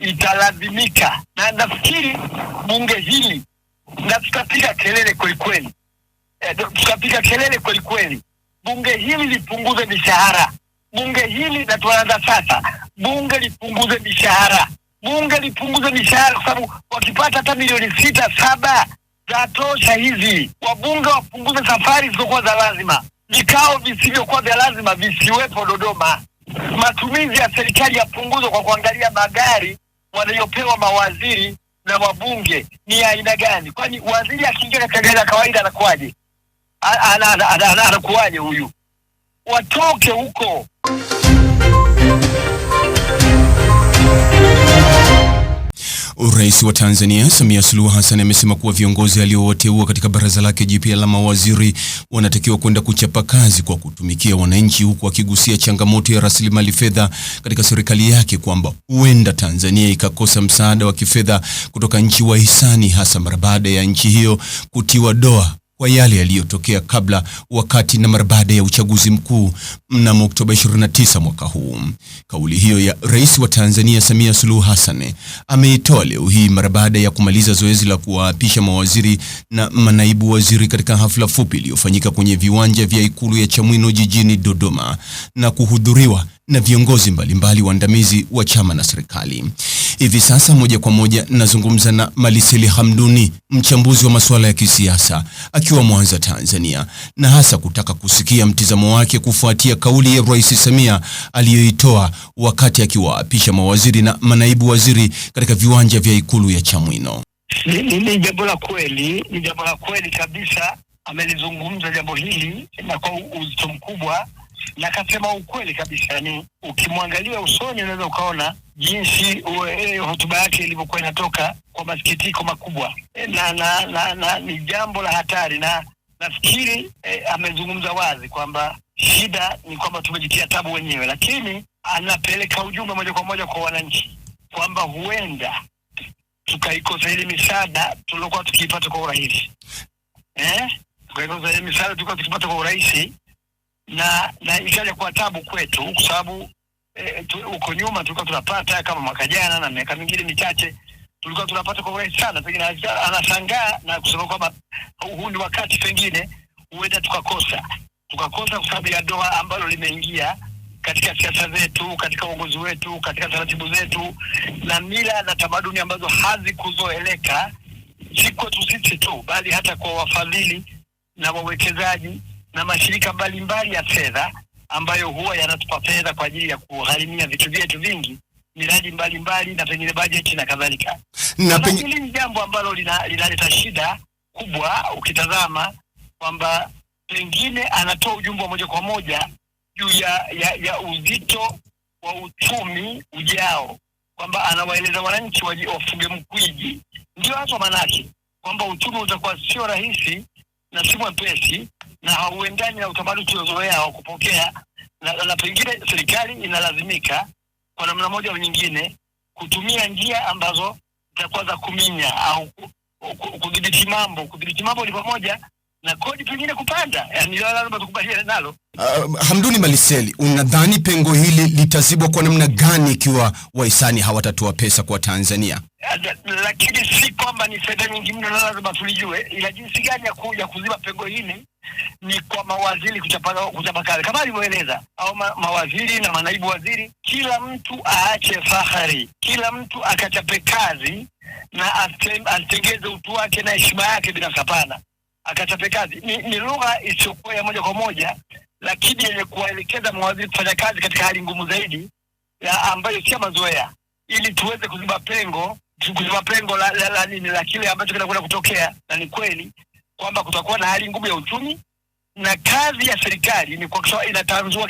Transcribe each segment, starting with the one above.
italazimika, na nafikiri bunge hili na tutapiga kelele kwelikweli, e, eh, tutapiga kelele kwelikweli. Bunge hili lipunguze mishahara, bunge hili na tunaanza sasa, bunge lipunguze mishahara, bunge lipunguze mishahara, kwa sababu wakipata hata milioni sita saba za tosha hizi. Wabunge wapunguze safari zilizokuwa za lazima, vikao visivyokuwa vya lazima visiwepo Dodoma. Matumizi ya serikali yapunguzwe kwa kuangalia magari wanayopewa mawaziri na wabunge ni aina gani? Kwani waziri akiingia katika gari la kawaida anakuwaje? Anakuwaje huyu? Watoke huko Rais wa Tanzania Samia Suluhu Hassan amesema kuwa viongozi aliowateua katika baraza lake jipya la mawaziri wanatakiwa kwenda kuchapa kazi kwa kutumikia wananchi, huku akigusia changamoto ya rasilimali fedha katika serikali yake kwamba huenda Tanzania ikakosa msaada wa kifedha kutoka nchi wahisani, hasa mara baada ya nchi hiyo kutiwa doa kwa yale yaliyotokea kabla, wakati na mara baada ya uchaguzi mkuu mnamo Oktoba 29 mwaka huu. Kauli hiyo ya Rais wa Tanzania Samia Suluhu Hassan ameitoa leo hii mara baada ya kumaliza zoezi la kuwaapisha mawaziri na manaibu waziri katika hafla fupi iliyofanyika kwenye viwanja vya Ikulu ya Chamwino jijini Dodoma na kuhudhuriwa na viongozi mbalimbali waandamizi wa chama na serikali. Hivi sasa moja kwa moja nazungumza na Maliseli Hamduni, mchambuzi wa masuala ya kisiasa akiwa Mwanza, Tanzania, na hasa kutaka kusikia mtizamo wake kufuatia kauli ya Rais Samia aliyoitoa wakati akiwaapisha mawaziri na manaibu waziri katika viwanja vya Ikulu ya Chamwino. Ni, ni, ni jambo la kweli, ni jambo la kweli kabisa. Amelizungumza jambo hili na kwa uzito mkubwa na akasema ukweli kabisa. Yani ukimwangalia usoni unaweza ukaona jinsi e, hotuba yake ilivyokuwa inatoka kwa masikitiko makubwa e, na, na, na, na ni jambo la hatari, na nafikiri e, amezungumza wazi kwamba shida ni kwamba tumejitia tabu wenyewe, lakini anapeleka ujumbe moja kwa moja kwa wananchi kwamba huenda tukaikosa ile misaada tuliokuwa tukiipata kwa urahisi eh? tukaikosa ile misaada tulikuwa tukipata kwa urahisi na na ikaja kuwa tabu kwetu kwa sababu eh, huko e, nyuma tulikuwa tunapata kama mwaka jana na miaka mingine michache tulikuwa tunapata kwa urahisi sana. Pengine anashangaa na kusema kwamba huu ni wakati pengine huenda tukakosa tukakosa, kwa sababu ya doa ambalo limeingia katika siasa zetu, katika uongozi wetu, katika taratibu zetu na mila na tamaduni ambazo hazikuzoeleka, si kwetu sisi tu, bali hata kwa wafadhili na wawekezaji na mashirika mbalimbali ya fedha ambayo huwa yanatupa fedha kwa ajili ya kugharimia vitu vyetu vingi, miradi mbalimbali na pengine bajeti na kadhalika. Hili ni jambo ambalo linaleta lina shida kubwa, ukitazama kwamba pengine anatoa ujumbe wa moja kwa moja juu ya, ya, ya uzito wa uchumi ujao, kwamba anawaeleza wananchi wafunge mkwiji. Ndio hapo maanake kwamba uchumi utakuwa sio rahisi na si mwepesi na hauendani na utamaduni tuliozoea wa kupokea na, na pengine serikali inalazimika kwa namna moja au nyingine kutumia njia ambazo zitakuwa za kuminya au kudhibiti mambo. Kudhibiti mambo ni pamoja na kodi pengine kupanda, yani lazima tukubaliane nalo. Uh, Hamduni Maliseli, unadhani pengo hili litazibwa kwa namna gani ikiwa wahisani hawatatoa pesa kwa Tanzania? Lakini si kwamba ni fedha nyingi mno, na lazima tulijue, ila jinsi gani ya, ku, ya kuziba pengo hili ni kwa mawaziri kuchapaka kuchapaka kama alivyoeleza au ma, mawaziri na manaibu waziri, kila mtu aache fahari, kila mtu akachape kazi na atengeze utu wake na heshima yake binafsi. Hapana, akachape kazi. Ni, ni lugha isiyokuwa ya moja kwa moja, lakini yenye kuwaelekeza mawaziri kufanya kazi katika hali ngumu zaidi ya ambayo sio mazoea, ili tuweze kuziba pengo kuziba pengo la, la, la, nini la kile ambacho kinakwenda kutokea, na ni kweli kwamba kutakuwa na hali ngumu ya uchumi na kazi ya serikali ni kuhakikisha inatanzua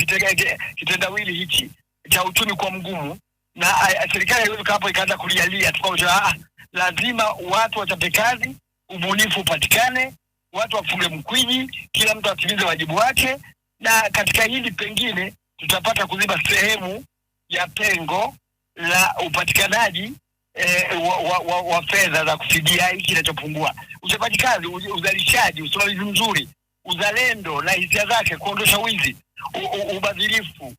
kitendawili hichi cha uchumi kwa mgumu, na serikali haiwezi hapo ikaanza kulialia tu, ah, ah, lazima watu wachape kazi, ubunifu upatikane, watu wafunge mkwiji, kila mtu atimize wajibu wake, na katika hili pengine tutapata kuziba sehemu ya pengo la upatikanaji eh, wa, wa, wa, wa fedha za kufidia hiki kinachopungua, uchapaji kazi, uzalishaji, usimamizi mzuri, uzalendo na hisia zake, kuondosha wizi, ubadhirifu,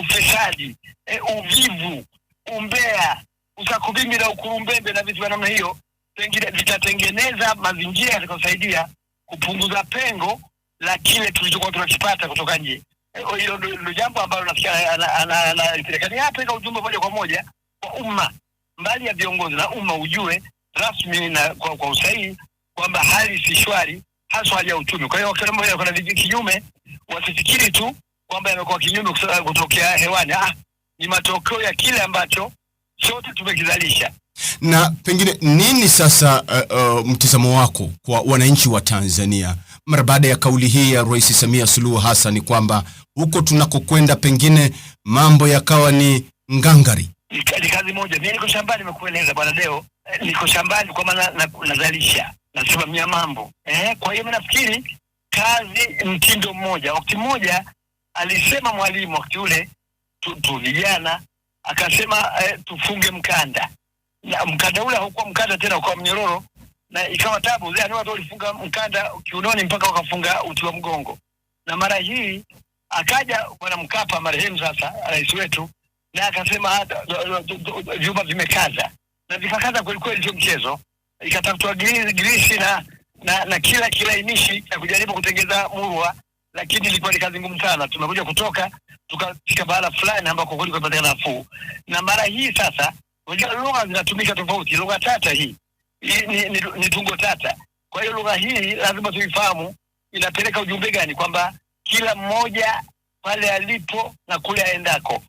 ufisadi, e, uvivu, umbea, usakubingi na ukurumbembe na vitu vya namna hiyo, pengine vitatengeneza mazingira yatakayosaidia kupunguza pengo la kile tulichokuwa tunakipata kutoka nje. Hilo ndio jambo ambalo nafikiri serikali yapeleka ujumbe moja kwa moja kwa umma, mbali ya viongozi na umma ujue rasmi na kwa, kwa usahihi kwamba hali si shwari, haswa hali ya uchumi. Kwa hiyo kuna kinyume, wasifikiri tu kwamba yamekuwa kinyume kutokea hewani. Ah, ni matokeo ya kile ambacho sote tumekizalisha. Na pengine nini sasa uh, uh, mtizamo wako kwa wananchi wa Tanzania mara baada ya kauli hii ya Rais Samia Suluhu Hassan kwamba huko tunakokwenda pengine mambo yakawa ni ngangari? Ni kazi moja. Mimi niko shambani, nimekueleza bwana Deo, eh, niko shambani kwa maana nazalisha, nasimamia mambo eh. Kwa hiyo nafikiri kazi mtindo mmoja. Wakati mmoja alisema mwalimu wakati ule tu vijana akasema eh, tufunge mkanda na mkanda ule haukuwa mkanda tena, ukawa mnyororo na ikawa tabu. Yani watu walifunga mkanda kiunoni mpaka wakafunga uti wa mgongo, na mara hii akaja bwana Mkapa marehemu, sasa rais wetu, na akasema ah, vyuma vimekaza na vikakaza kweli, sio mchezo. Ikatafutwa grisi na, na na kila kilainishi na kujaribu kutengeza murwa, lakini ilikuwa ni kazi ngumu sana. Tumekuja kutoka tukafika bahala fulani ambako kweli patikana nafuu, na mara hii sasa Unajua lugha zinatumika tofauti. Lugha tata hii ni, ni, ni, ni tungo tata. Kwa hiyo lugha hii lazima tuifahamu inapeleka ujumbe gani, kwamba kila mmoja pale alipo na kule aendako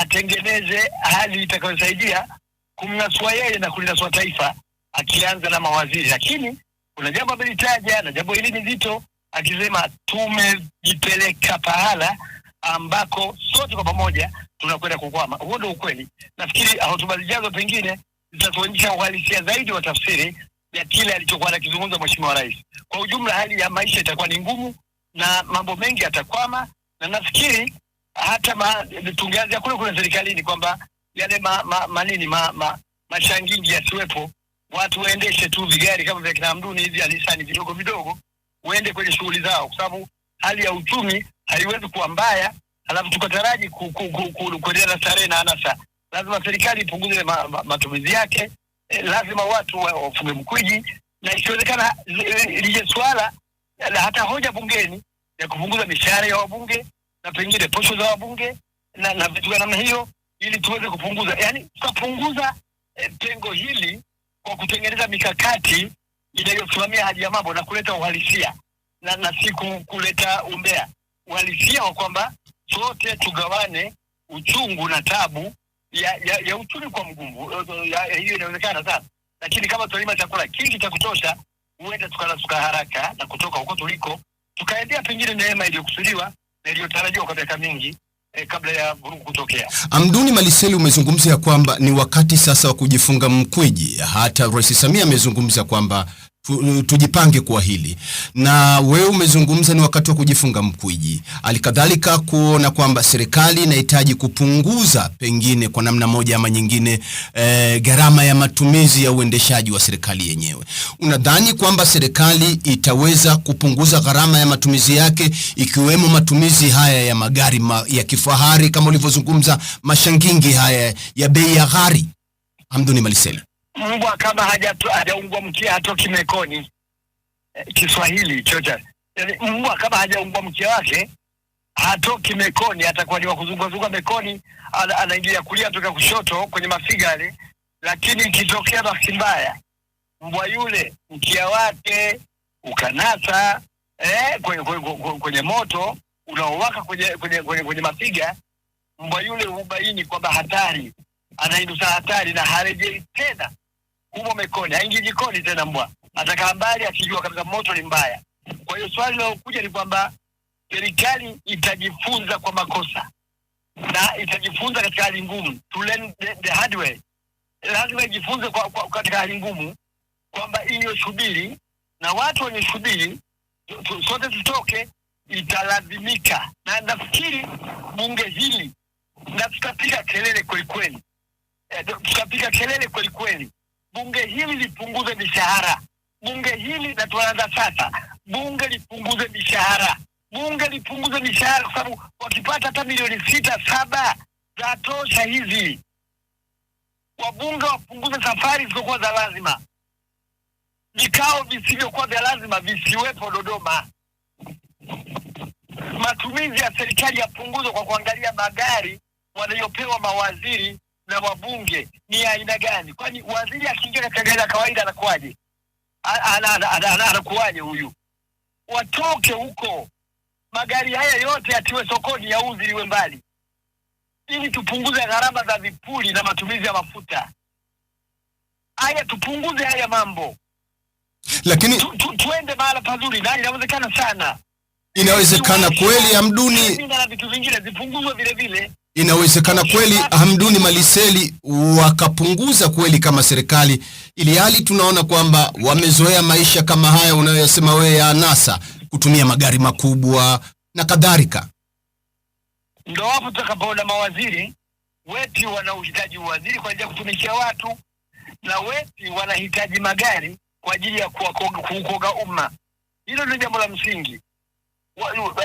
atengeneze hali itakayosaidia kumnasua yeye na kulinasua taifa, akianza na mawaziri. Lakini kuna jambo amelitaja na jambo hili ni zito, akisema tumejipeleka pahala ambako sote kwa pamoja tunakwenda kukwama. Huo ndio ukweli. Nafikiri hotuba zijazo pengine zitatuonyesha uhalisia zaidi wa tafsiri ya kile alichokuwa anakizungumza Mheshimiwa Rais. Kwa ujumla, hali ya maisha itakuwa ni ngumu na mambo mengi yatakwama, na nafikiri hata tungeanzia kule kule serikalini kwamba yale ma, ma, manini ma, ma, mashangingi yasiwepo, watu waendeshe tu vigari kama vya kinamduni hivi anisani vidogo vidogo, uende kwenye shughuli zao, kwa sababu hali ya uchumi haiwezi kuwa mbaya alafu tukataraji kuendelea na starehe na anasa, lazima serikali ipunguze ma, ma, matumizi yake eh, lazima watu wafunge mkwiji, na ikiwezekana lije swala la hata hoja bungeni ya kupunguza mishahara ya wabunge na pengine posho za wabunge na, na vitu vya namna hiyo, ili tuweze kupunguza, yani tutapunguza eh, pengo hili kwa kutengeneza mikakati inayosimamia haji ya mambo na kuleta uhalisia na, na si kuleta umbea, uhalisia wa kwamba sote tugawane uchungu na tabu ya, ya, ya uchumi kwa mgumbu. Eh, eh, hiyo inawezekana sana, lakini kama tunalima chakula kingi cha kutosha, huenda suka haraka na kutoka huko tuliko tukaendea pengine neema iliyokusudiwa na iliyotarajiwa kwa miaka mingi E, kabla ya vurugu kutokea. Amduni Maliseli, umezungumzia kwamba ni wakati sasa wa kujifunga mkwiji. Hata Rais Samia amezungumza kwamba tujipange kwa hili. Na wewe umezungumza ni wakati wa kujifunga mkwiji, alikadhalika kuona kwamba serikali inahitaji kupunguza pengine kwa namna moja ama nyingine e, gharama ya matumizi ya uendeshaji wa serikali yenyewe. Unadhani kwamba serikali itaweza kupunguza gharama ya matumizi yake ikiwemo matumizi haya ya magari ma, ya kifahari kama ulivyozungumza, mashangingi haya ya bei ya ghali? Hamduni Malisela mbwa kama hajaungwa mkia hatoki mekoni. Eh, Kiswahili chocha, yaani, mbwa kama hajaungwa mkia wake hatoki mekoni, atakuwa ni wakuzungazunga mekoni, anaingia kulia, toka kushoto kwenye mafiga Lakini ikitokea basi mbaya mbwa yule mkia wake ukanasa eh, kwenye, kwenye, kwenye moto unaowaka kwenye, kwenye, kwenye, kwenye mafiga, mbwa yule hubaini kwamba hatari, anainusa hatari na harejei tena mbwa mekoni, haingii jikoni tena. Mbwa ataka habari akijua kabisa moto ni mbaya. Kwa hiyo swali linalokuja ni kwamba serikali itajifunza kwa makosa na itajifunza katika hali ngumu, to learn the, the hard way. Lazima ijifunze kwa, kwa, katika hali ngumu kwamba hiyo shubiri na watu wenye shubiri sote tutoke, italazimika. Na nafikiri bunge hili na tutapiga kelele kwelikweli, e, tutapiga kelele kwelikweli bunge hili lipunguze mishahara, bunge hili na sasa, bunge lipunguze mishahara, bunge lipunguze mishahara, kwa sababu wakipata hata milioni sita saba za tosha hizi. Wabunge wapunguze safari zilizokuwa za lazima, vikao visivyokuwa vya lazima visiwepo Dodoma. Matumizi ya serikali yapunguzwe kwa kuangalia magari wanayopewa mawaziri na wabunge ni aina gani? Kwani waziri akiingia katika gari la kawaida anakuwaje? Anakuwaje huyu? Watoke huko, magari haya yote yatiwe sokoni, yauzwe, liwe mbali, ili tupunguze gharama za vipuri na matumizi ya mafuta haya, tupunguze haya mambo, lakini tu, tu, tuende mahala pazuri, na inawezekana sana, inawezekana kweli. Amduni na vitu vingine zipunguzwe vile vile. Inawezekana kweli Hamduni Maliseli wakapunguza kweli kama serikali, ili hali tunaona kwamba wamezoea maisha kama haya unayoyasema wewe ya anasa, kutumia magari makubwa na kadhalika. Ndio hapo tutakapoona mawaziri weti wana uhitaji uwaziri kwa ajili ya kutumikia watu na weti wanahitaji magari kwa ajili ya kuukoga umma. Hilo ndio jambo la msingi.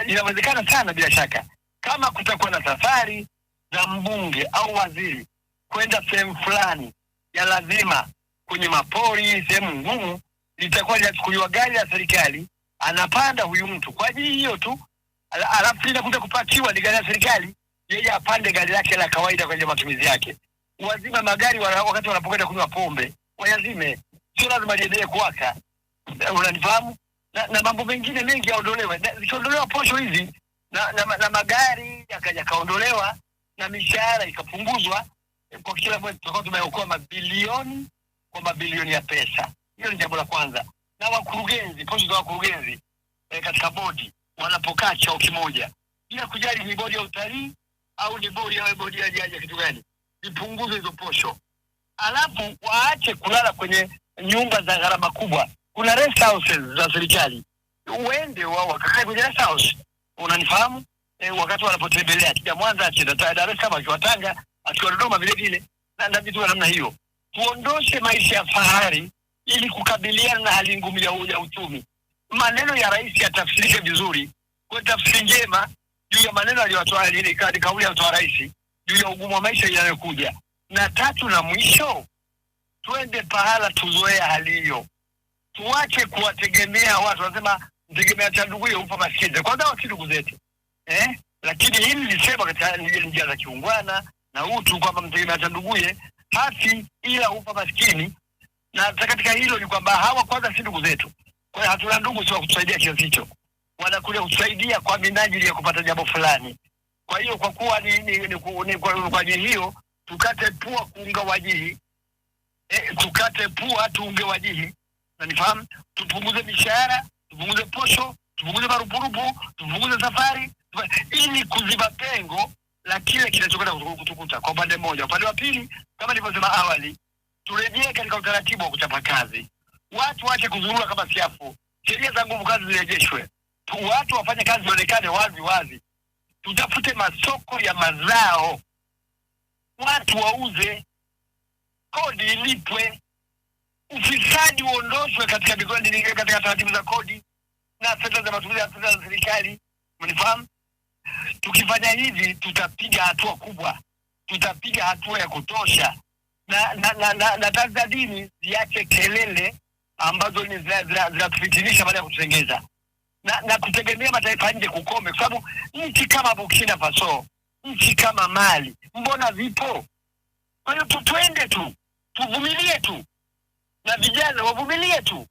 Inawezekana sana bila shaka, kama kutakuwa na safari za mbunge au waziri kwenda sehemu fulani ya lazima kwenye mapori, sehemu ngumu, litakuwa linachukuliwa gari la serikali, anapanda huyu mtu kwa ajili hiyo tu, alafu inakuja kupakiwa ni gari la serikali, yeye apande gari lake la kawaida kwenye matumizi yake. Wazima magari wakati wanapokwenda kunywa pombe wayazime, sio lazima liendelee kuwaka. Unanifahamu? Na, na mambo mengine mengi yaondolewe, zikiondolewa posho hizi na, na, na magari yakaondolewa na mishahara ikapunguzwa, eh, kwa kila mwezi tutakuwa tumeokoa mabilioni kwa mabilioni ya pesa. Hiyo ni jambo la kwanza. Na wakurugenzi, posti za wakurugenzi e, katika bodi wanapokaa chao kimoja, bila kujali ni bodi ya utalii au ni bodi ya bodi ya jaji kitu gani, vipunguze hizo posho, alafu waache kulala kwenye nyumba za gharama kubwa. Kuna rest houses za serikali, uende wao wakakae kwenye rest house, unanifahamu eh, wakati wanapotembelea akija Mwanza, akija Dar es Salaam, akiwa Tanga, akiwa Dodoma vile vile, na na vitu namna hiyo. Tuondoshe maisha ya fahari ili kukabiliana na hali ngumu ya uchumi. Maneno ya rais yatafsirike vizuri kwa tafsiri njema juu ya maneno aliyotoa ile kauli aliyotoa rais juu ya ugumu wa maisha yanayokuja. Na tatu na mwisho, twende pahala tuzoea hali hiyo, tuache kuwategemea watu. Wanasema mtegemea cha ndugu huyo maskini, masikini. Kwanza wasi ndugu zetu eh? Lakini hili lisema katika za kiungwana na utu kwamba mtegemea cha nduguye hasi ila upa maskini, na katika hilo ni kwamba hawa kwanza si ndugu zetu. Kwa hiyo hatuna ndugu sio kutusaidia kiasi hicho, wanakuja kutusaidia kwa minajili ya kupata jambo fulani. Kwa hiyo kwa kuwa ni, ni, ni, ni kwa ajili hiyo tukate pua kuunga wajihi eh, tukate pua tuunge wajihi na nifahamu, tupunguze mishahara, tupunguze posho, tupunguze marupurupu, tupunguze safari ili kuziba pengo la kile kinachokwenda kutukuta kwa upande mmoja. Upande wa pili, kama nilivyosema awali, turejee katika utaratibu wa kuchapa kazi, watu waache kuzurura kama siafu, sheria za nguvu kazi zirejeshwe, watu wafanye kazi ionekane wazi wazi, tutafute masoko ya mazao, watu wauze, kodi ilipwe, ufisadi uondoshwe katika mikoa, katika taratibu za kodi na fedha za matumizi ya serikali, mnifahamu Tukifanya hivi tutapiga hatua kubwa, tutapiga hatua ya kutosha, na na, na, na, na taasisi za dini ziache kelele ambazo ni zinatufitinisha baada ya kututengeza na, na kutegemea mataifa nje kukome, kwa sababu nchi kama Burkina Faso, nchi kama Mali mbona vipo? Kwa hiyo tutwende tu, tuvumilie tu, na vijana wavumilie tu,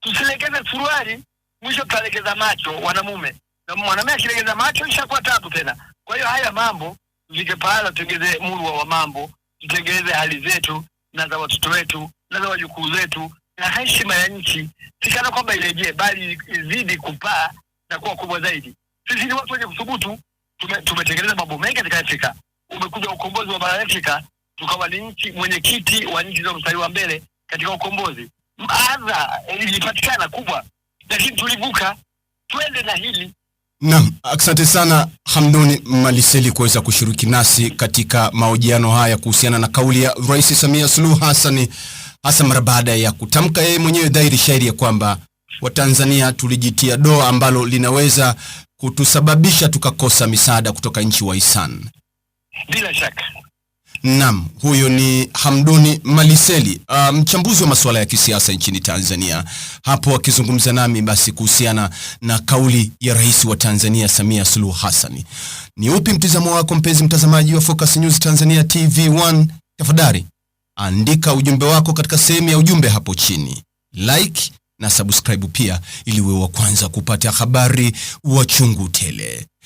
tusilekeze suruali, mwisho tutalekeza macho wanamume na mwanamume akilegeza macho ishakuwa tatu tena. Kwa hiyo haya mambo zike pahala, tutegeze murwa wa mambo, tutegeze hali zetu na za watoto wetu na za wajukuu zetu, na heshima ya nchi sikana kwamba irejee, bali izidi kupaa na kuwa kubwa zaidi. Sisi ni watu wenye kuthubutu, tumetengeneza mambo mengi katika Afrika. Umekuja ukombozi wa bara la Afrika, tukawa ni nchi mwenyekiti wa nchi za mstari wa mbele katika ukombozi. Adha ilipatikana kubwa, lakini tulivuka. Twende na hili Naam, asante sana Hamduni Maliseli kuweza kushiriki nasi katika mahojiano haya kuhusiana na kauli ya Rais Samia Suluhu Hassan hasa mara baada ya kutamka yeye mwenyewe dhahiri shairi ya kwamba Watanzania tulijitia doa ambalo linaweza kutusababisha tukakosa misaada kutoka nchi wahisani. Bila shaka Naam, huyo ni Hamduni Maliseli, uh, mchambuzi wa masuala ya kisiasa nchini Tanzania, hapo akizungumza nami basi kuhusiana na kauli ya Rais wa Tanzania Samia Suluhu Hassan. Ni upi mtizamo wako mpenzi mtazamaji wa Focus News Tanzania TV1? Tafadhali andika ujumbe wako katika sehemu ya ujumbe hapo chini. Like na subscribe pia ili uwe wa kwanza kupata habari wa chungu tele.